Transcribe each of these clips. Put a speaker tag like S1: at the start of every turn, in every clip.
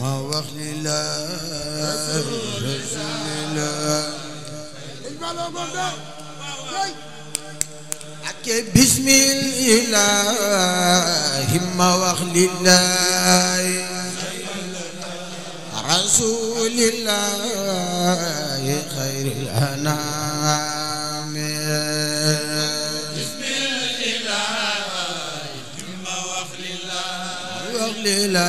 S1: ma wax lila rasulillah ak bismillah ma wax lila rasulillah xayril anam bismillah ma wax lila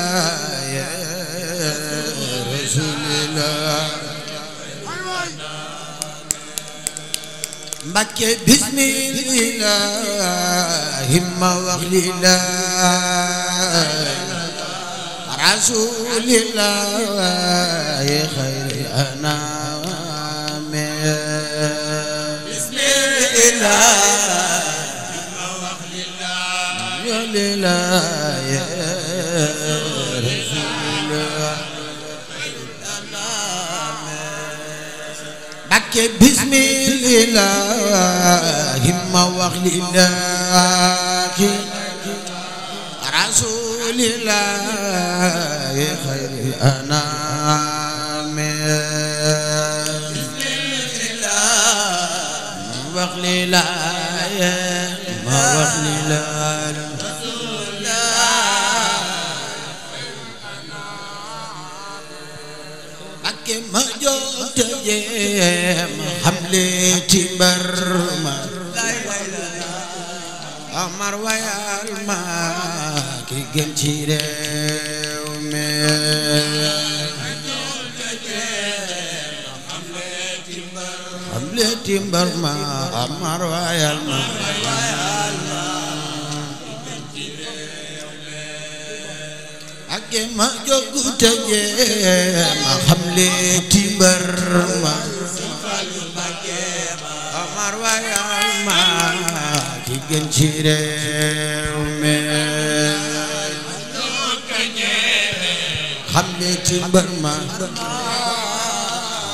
S1: rasulillah Mbakke bismillah himma wax lillah rasulillah xayri anaame bismillah himma wax ke bismillahi ma wax lillahi rasulillahi xayril anaami bismillahi ma wax lillahi ma wax lillahi jéem xamle ci mbar ma ki gën ci réew ak ma jóg te jee ma xam leen ci mbër ma amar waayal ma ki gën ci réew mi xam leen ci mbër ma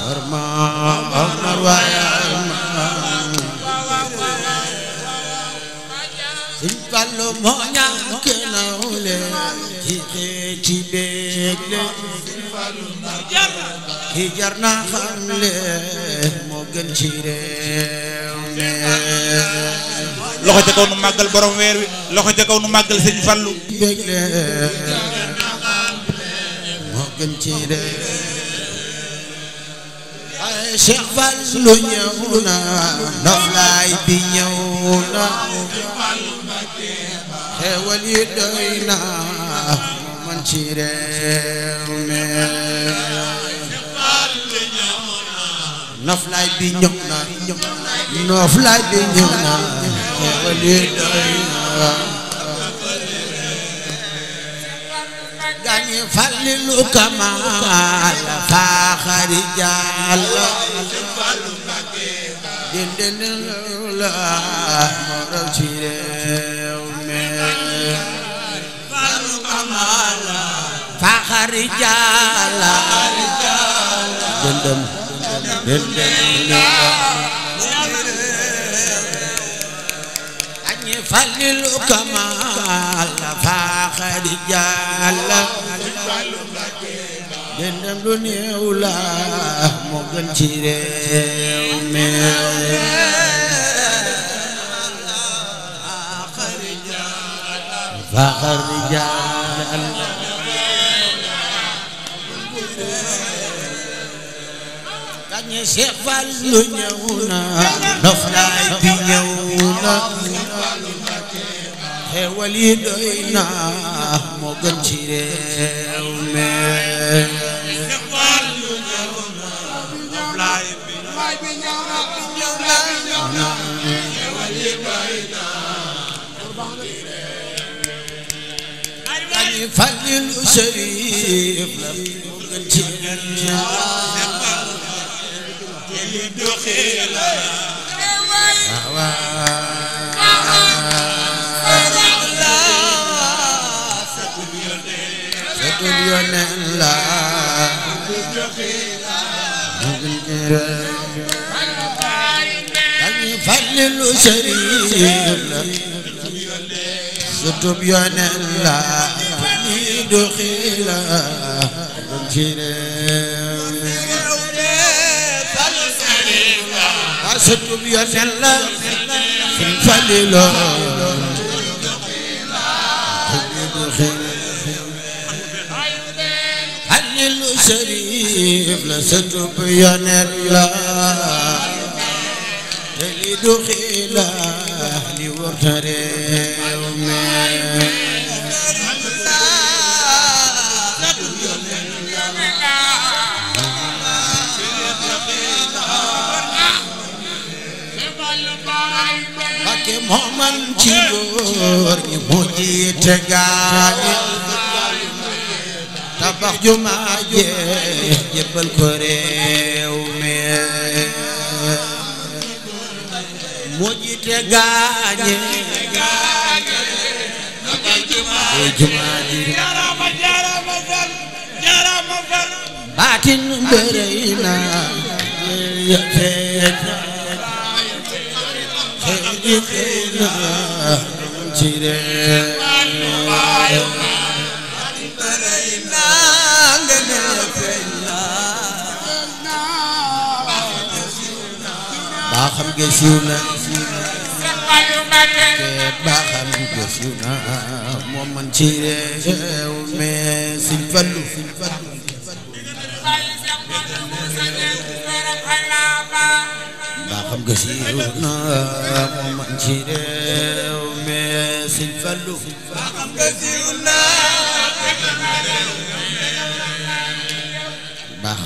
S1: mbër ma amar waayal fallu moo ñàkk nawle yéene ci beeg le jar na xam le moo gën ci réew mi loxo ca kaw nu màggal borom weer wi loxo ca kaw nu màggal sëñ fallu beeg le moo gën ci réew Cheikh Fallou ñëw na Noflaay bi ñëw na xewal yi doy na man ci réew mi Noflaay bi ñëw na Noflaay bi ñëw na xewal yi doy na ni falilu kamal faaxari jaal dindin la moral ci réew mi falilu kamal faaxari jaal dindin dindin falilu kamal faaxari jàlla dendam lu néew la moo gën ci réew mi faaxari jàlla kañ Seex Fallu ñëw na dof laay bi ñëw na xewal yi doy na moo gën ci réew mi Fallil Sharif la moo gën ci réew mi فلل شريف ستب يونان لا دخيل ستب يونان لا فلل دخيل Aliou Chérif la sëtub yonent la te li du xila li wërta réew mi Bakke moo man ci góor ñi mu jiite gaani tabax jumaa jee jébbal ko réew mi moo jiite gaañe jumaa ji jarama jarama fal jarama fal baatin bërëy na xëy na ci réew baaxam ge siiw na baaxam ge siiw na moom man ci réew mi Sëñ Fallu baaxam ge siiw na moom man ci réew mi Sëñ Fallu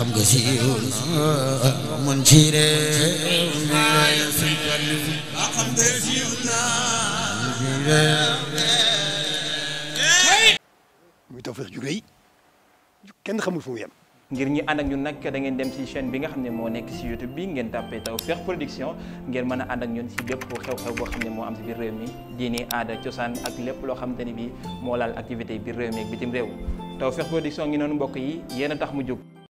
S1: xam nga siiw na mun ci réew mi xam nga muy Tawfekh ju rëy kenn xamul fu mu yem ngir ñi ànd ak ñun nag da dem ci chaîne bi nga xam ne moo nekk ci YouTube bi ngeen tàppee Tawfekh Production ngeen mën a ànd ak ñun ci bépp xew-xew boo xam ne moo am ci biir réew mi diini aada cosaan ak lépp loo xamante ni bi moo laal activité biir réew mi ak bitim réew Tawfekh Production ngi noonu mbokk yi yéen tax mu jóg